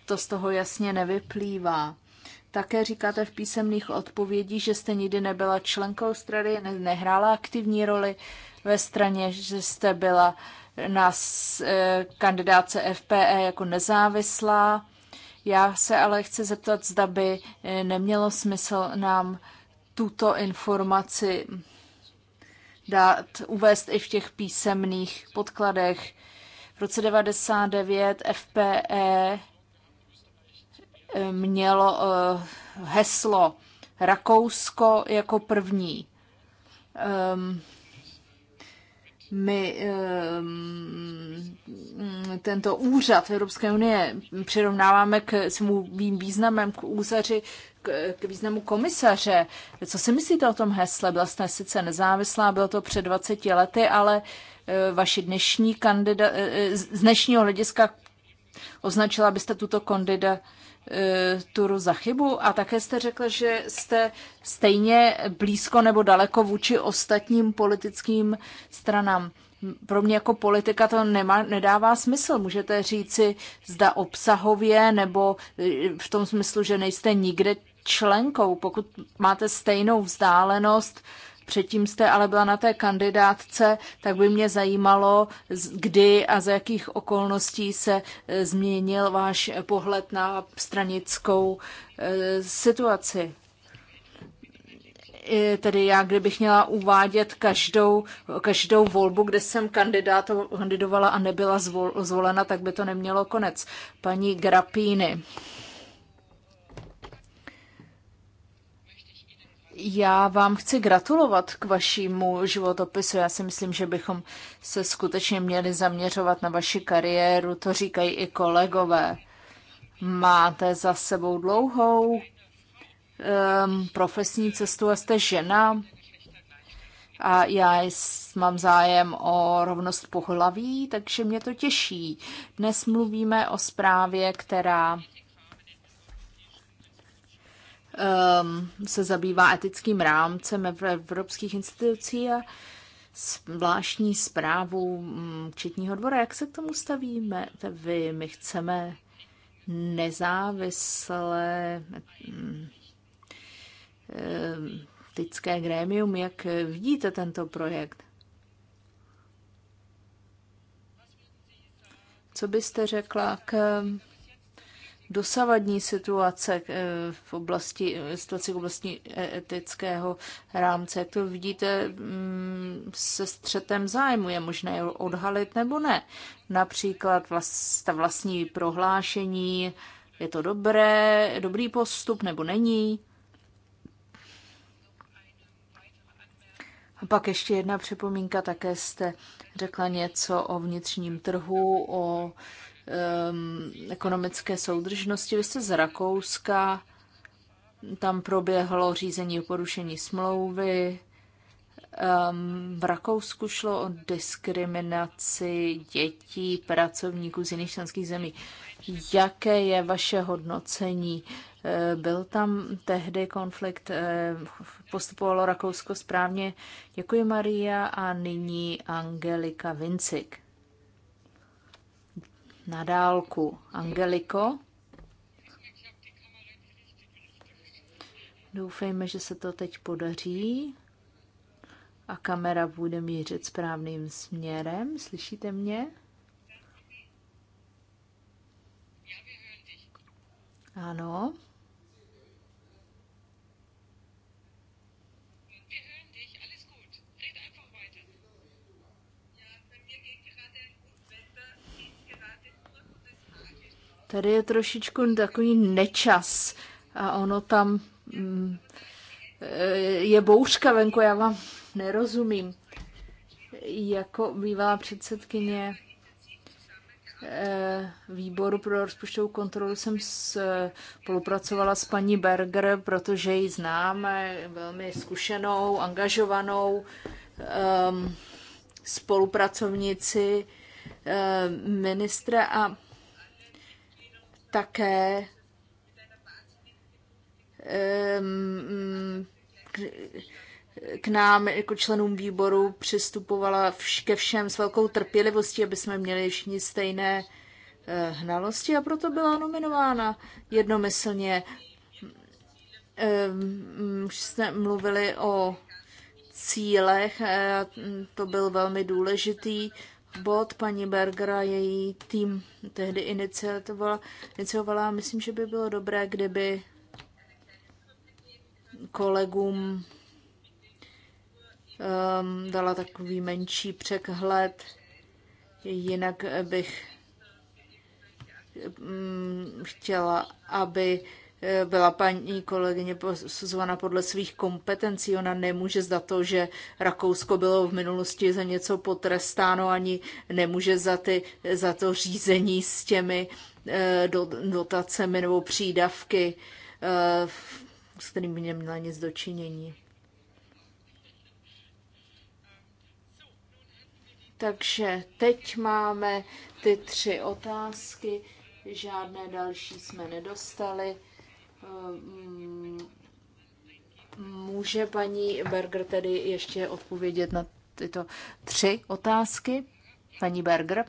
To z toho jasně nevyplývá. Také říkáte v písemných odpovědích, že jste nikdy nebyla členkou strany, nehrála aktivní roli. Uh, ve straně, že jste byla na eh, kandidáce FPE jako nezávislá. Já se ale chci zeptat, zda by eh, nemělo smysl nám tuto informaci dát, uvést i v těch písemných podkladech. V roce 99 FPE eh, mělo heslo Rakousko jako první. Ehm, my ehm, tento úřad Evropské unie přirovnáváme k svým významem, k úzaři, k významu komisaře. Co si myslíte o tom hesle? Byla jste sice nezávislá, bylo to před 20 lety, ale e, vaši dnešní kandida, e, e, z dnešního hlediska označila byste tuto kandida, Turu za chybu a také jste řekl, že jste stejně blízko nebo daleko vůči ostatním politickým stranám. Pro mě jako politika to nemá, nedává smysl. Můžete říci, zda obsahově nebo e, v tom smyslu, že nejste nikde členkou, pokud máte stejnou vzdálenost Předtím jste ale byla na té kandidátce, tak by mě zajímalo, kdy a za jakých okolností se e, změnil váš pohled na stranickou e, situaci tedy já, kdybych měla uvádět každou, každou volbu, kde jsem kandidovala a nebyla zvol, zvolena, tak by to nemělo konec. Paní Grapíny. Já vám chci gratulovat k vašímu životopisu. Já si myslím, že bychom se skutečně měli zaměřovat na vaši kariéru, to říkají i kolegové. Máte za sebou dlouhou um, profesní cestu a jste žena. A já mám zájem o rovnost pohlaví, takže mě to těší. Dnes mluvíme o zprávě, která Um, se zabývá etickým rámcem v evropských institucí a zvláštní zprávu mm, Četního dvora. Jak se k tomu stavíme? Vy, my chceme nezávislé mm, eh, etické grémium. Jak vidíte tento projekt? Co byste řekla k dosavadní situace eh, v oblasti, eh, situace v oblasti etického rámce. Jak to vidíte mm, se střetem zájmu? Je možné odhalit nebo ne? Například vlast, ta vlastní prohlášení, je to dobré, dobrý postup nebo není? A pak ještě jedna připomínka, také jste řekla něco o vnitřním trhu, o um, ekonomické soudržnosti. Vy jste z Rakouska, tam proběhlo řízení o porušení smlouvy. Um, v Rakousku šlo o diskriminaci dětí, pracovníků z jiných členských zemí. Jaké je vaše hodnocení? Eh, byl tam tehdy konflikt, eh, postupovalo Rakousko správně. Děkuji Maria a nyní Angelika Vincik na dálku. Angeliko? Doufejme, že se to teď podaří a kamera bude mířit správným směrem. Slyšíte mě? Ano. Tady je trošičku takový nečas a ono tam mm, eh, je bouřka venku, já vám nerozumím. Jako bývalá předsedkyně eh, výboru pro rozpočtovou kontrolu jsem eh, spolupracovala s paní Berger, protože ji známe, velmi zkušenou, angažovanou ehm, spolupracovnici ministra a také ehm, k nám jako členům výboru přistupovala ke všem s velkou trpělivostí, aby jsme měli všichni stejné eh, hnalosti a proto byla nominována jednomyslně. Ehm, už jsme mluvili o cílech, eh, to byl velmi důležitý bod. Paní Bergera, její tým tehdy iniciovala, iniciovala. Myslím, že by bylo dobré, kdyby kolegům um, dala takový menší překhled. Jinak bych um, chtěla, aby byla paní kolegyně posuzována podle svých kompetencí. Ona nemůže za to, že Rakousko bylo v minulosti za něco potrestáno, ani nemůže za, ty, za to řízení s těmi eh, dotacemi nebo přídavky, eh, s kterými neměla nic dočinění. Takže teď máme ty tři otázky, žádné další jsme nedostali. Ehm, může paní Berger tedy ještě odpovědět na tyto tři otázky? Paní Berger?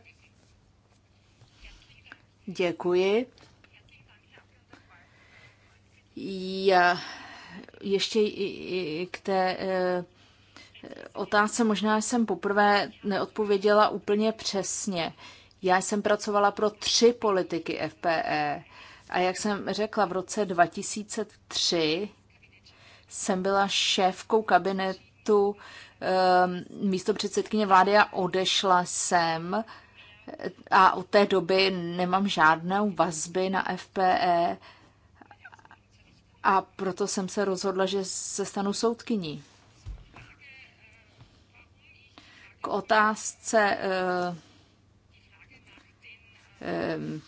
Děkuji. Já ještě k té eh, otázce možná jsem poprvé neodpověděla úplně přesně. Já jsem pracovala pro tři politiky FPE. A jak jsem řekla, v roce 2003 jsem byla šéfkou kabinetu ehm, místo předsedkyně vlády a odešla jsem a od té doby nemám žádnou vazby na FPE a proto jsem se rozhodla, že se stanu soudkyní. K otázce ehm,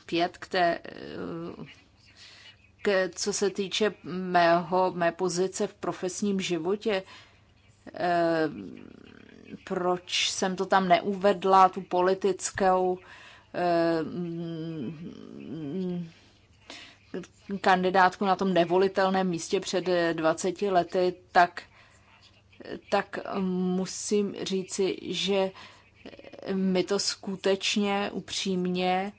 pět, které, eh, co se týče mého, mé pozice v profesním životě, proč jsem to tam neuvedla, tu politickou kandidátku na tom nevolitelném místě před 20 eh, lety, tak, tak musím říci, že mi to skutečně upřímně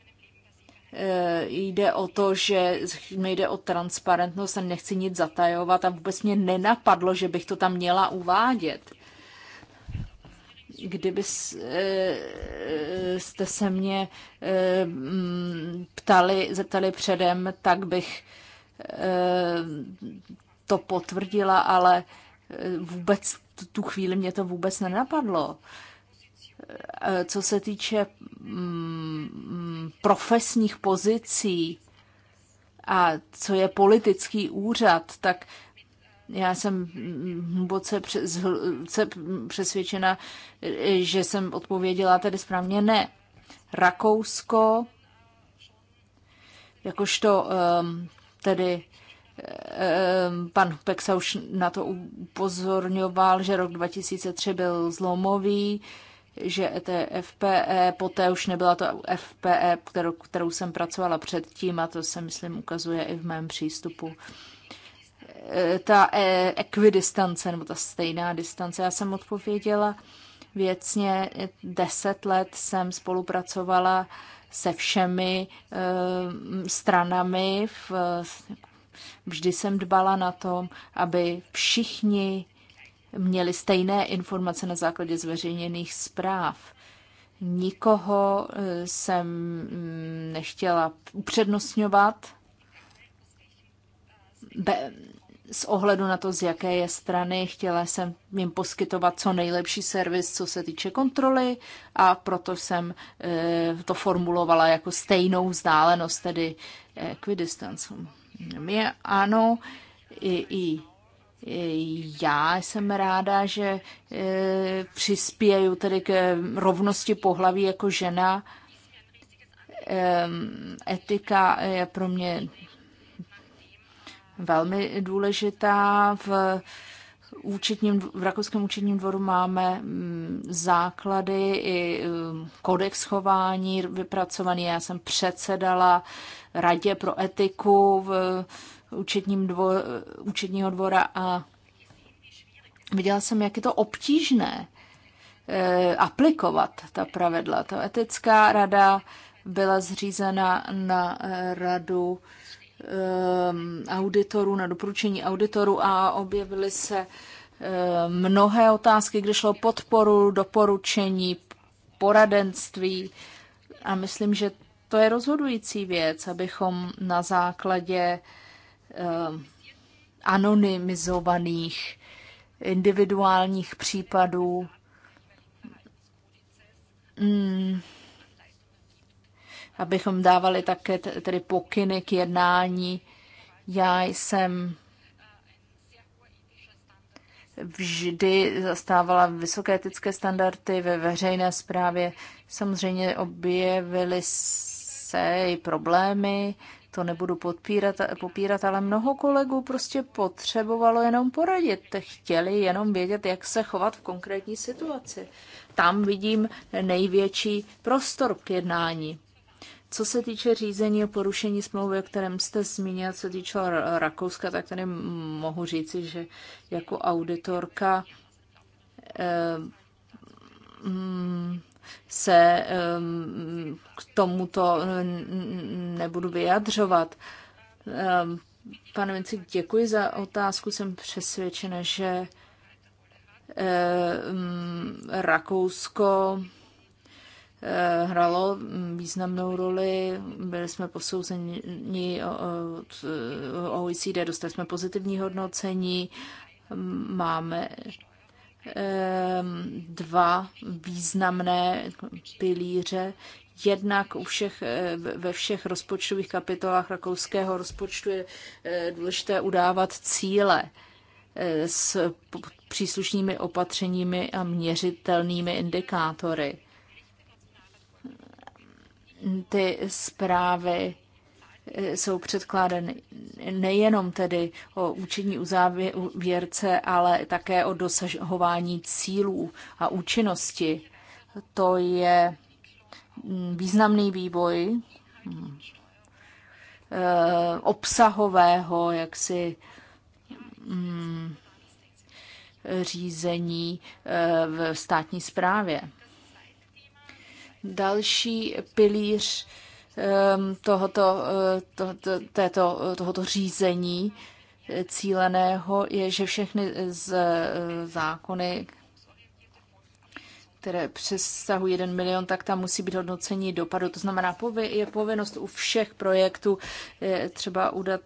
Eh, jde o to, že mi jde o transparentnost a nechci nic zatajovat a vůbec mě nenapadlo, že bych to tam měla uvádět. Kdyby eh, jste se mě eh, mm, ptali, zeptali předem, tak bych to potvrdila, ale vůbec tu chvíli mě to vůbec nenapadlo. Uh, Eh, co se týče mm, profesních pozicí a co je politický úřad, tak já jsem hluboce přesvědčena, že jsem odpověděla tedy správně ne. Rakousko, jakožto ehm, tedy ehm, pan Peksa už na to upozorňoval, že rok 2003 byl zlomový, že je FPE, poté už nebyla to FPE, kterou, kterou jsem pracovala předtím a to se, myslím, ukazuje i v mém přístupu. E, ta e, ekvidistance, nebo ta stejná distance, já jsem odpověděla věcně, deset let jsem spolupracovala se všemi e, stranami v vždy jsem dbala na tom, aby všichni měli stejné informace na základě zveřejněných zpráv. Nikoho eh, jsem mm, nechtěla upřednostňovat z ohledu na to, z jaké je strany. Chtěla jsem jim poskytovat co nejlepší servis, co se týče kontroly a proto jsem eh, to formulovala jako stejnou vzdálenost, tedy equidistance. Eh, Mě ano, i, i já jsem ráda, že e, přispěju tedy k rovnosti pohlaví jako žena. Etika je pro mě velmi důležitá. V, účetním, v Rakouském účetním dvoru máme mm, základy i mm, kodex chování vypracovaný. Já jsem předsedala radě pro etiku v účetním dvo, účetního dvora a viděla jsem, jak je to obtížné eh, aplikovat ta pravidla. Ta etická rada byla zřízena na eh, radu eh, auditorů, na doporučení auditorů a objevily se mnohé otázky, kde šlo podporu, doporučení, poradenství. A myslím, že to je rozhodující věc, abychom na základě Ehm, anonymizovaných individuálních případů. Hmm. Abychom dávali také tedy pokyny k jednání. Já jsem vždy zastávala vysoké etické standardy ve veřejné správě. Samozřejmě objevily se i problémy, to nebudu podpírat, popírat, ale mnoho kolegů prostě potřebovalo jenom poradit. Chtěli jenom vědět, jak se chovat v konkrétní situaci. Tam vidím největší prostor k jednání. Co se týče řízení o porušení smlouvy, o kterém jste zmínil, co týče Rakouska, tak tady mohu říci, že jako auditorka eh, mm, se k tomuto nebudu vyjadřovat. Pane Vinci, děkuji za otázku. Jsem přesvědčena, že Rakousko eh, hralo významnou roli. Byli jsme posouzeni od OECD, dostali jsme pozitivní hodnocení. Máme Ehm, dva významné pilíře. Jednak u všech, eh, ve všech rozpočtových kapitolách rakouského rozpočtu je eh, důležité udávat cíle eh, s příslušnými opatřeními a měřitelnými indikátory. Ty zprávy jsou předkládány nejenom tedy o účinní uzávěrce, ale také o dosahování cílů a účinnosti. To je významný vývoj eh, obsahového jaksi mm, řízení eh, v státní správě. Další pilíř Ehm, tohoto, eh, to, to, této, eh, tohoto řízení eh, cíleného je, že všechny z zákony, které přesahují 1 milion, tak tam musí být hodnocení dopadu. To znamená, je povinnost u všech projektů třeba udat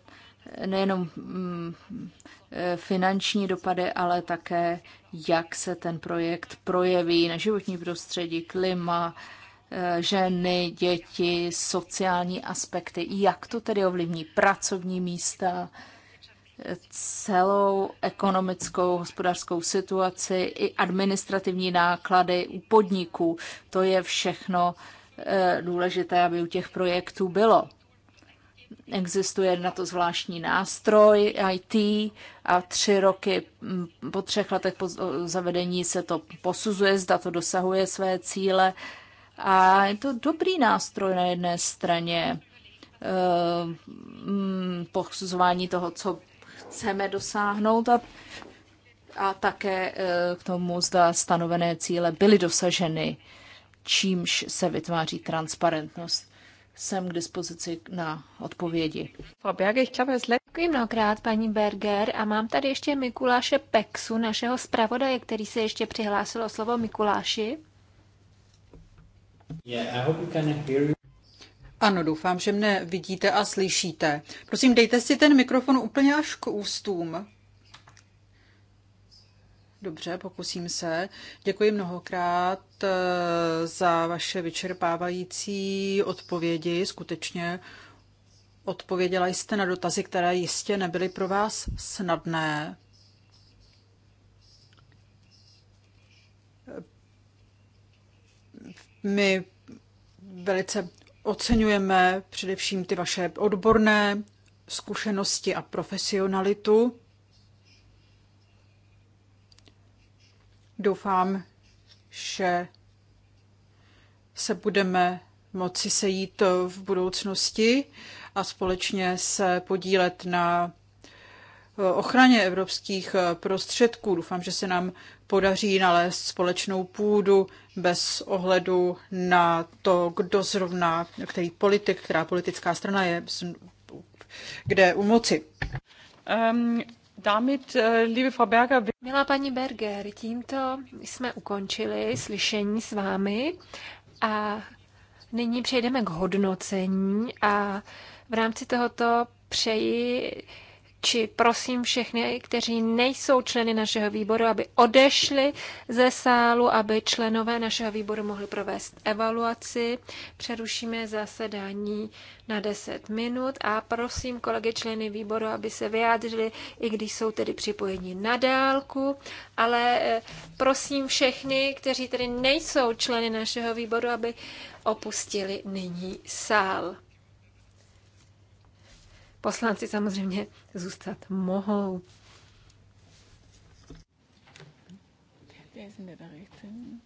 nejenom mm, finanční dopady, ale také, jak se ten projekt projeví na životní prostředí, klima, ženy, děti, sociální aspekty. Jak to tedy ovlivní pracovní místa, celou ekonomickou, hospodářskou situaci i administrativní náklady u podniků. To je všechno eh, důležité, aby u těch projektů bylo. Existuje na to zvláštní nástroj IT a tři roky, mm, po třech letech po zavedení se to posuzuje, zda to dosahuje své cíle. A je to dobrý nástroj na jedné straně eh, mm, posuzování toho, co chceme dosáhnout a, a také eh, k tomu, zda stanovené cíle byly dosaženy, čímž se vytváří transparentnost. Jsem k dispozici na odpovědi. Děkuji mnohokrát, paní Berger. A mám tady ještě Mikuláše Pexu, našeho zpravodaje, který se ještě přihlásil o slovo Mikuláši. Ano, doufám, že mne vidíte a slyšíte. Prosím, dejte si ten mikrofon úplně až k ústům. Dobře, pokusím se. Děkuji mnohokrát eh, za vaše vyčerpávající odpovědi. Skutečně odpověděla jste na dotazy, které jistě nebyly pro vás snadné. My velice oceňujeme především ty vaše odborné zkušenosti a profesionalitu. Doufám, že se budeme moci sejít v budoucnosti a společně se podílet na Eh, ochraně evropských eh, prostředků. Doufám, že se nám podaří nalézt společnou půdu bez ohledu na to, kdo zrovna, který politik, která politická strana je, kde u moci. Um, ehm, damit, liebe Frau Berger... Milá paní Berger, tímto jsme ukončili slyšení s vámi a nyní přejdeme k hodnocení a v rámci tohoto přeji či prosím všechny, kteří nejsou členy našeho výboru, aby odešli ze sálu, aby členové našeho výboru mohli provést evaluaci. Přerušíme zasedání na 10 minut a prosím kolegy členy výboru, aby se vyjádřili, i když jsou tedy připojeni na dálku, ale eh, prosím všechny, kteří tedy nejsou členy našeho výboru, aby opustili nyní sál. Poslanci samozřejmě zůstat mohou. Wer ist denn der da rechts hinten?